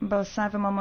balsavimo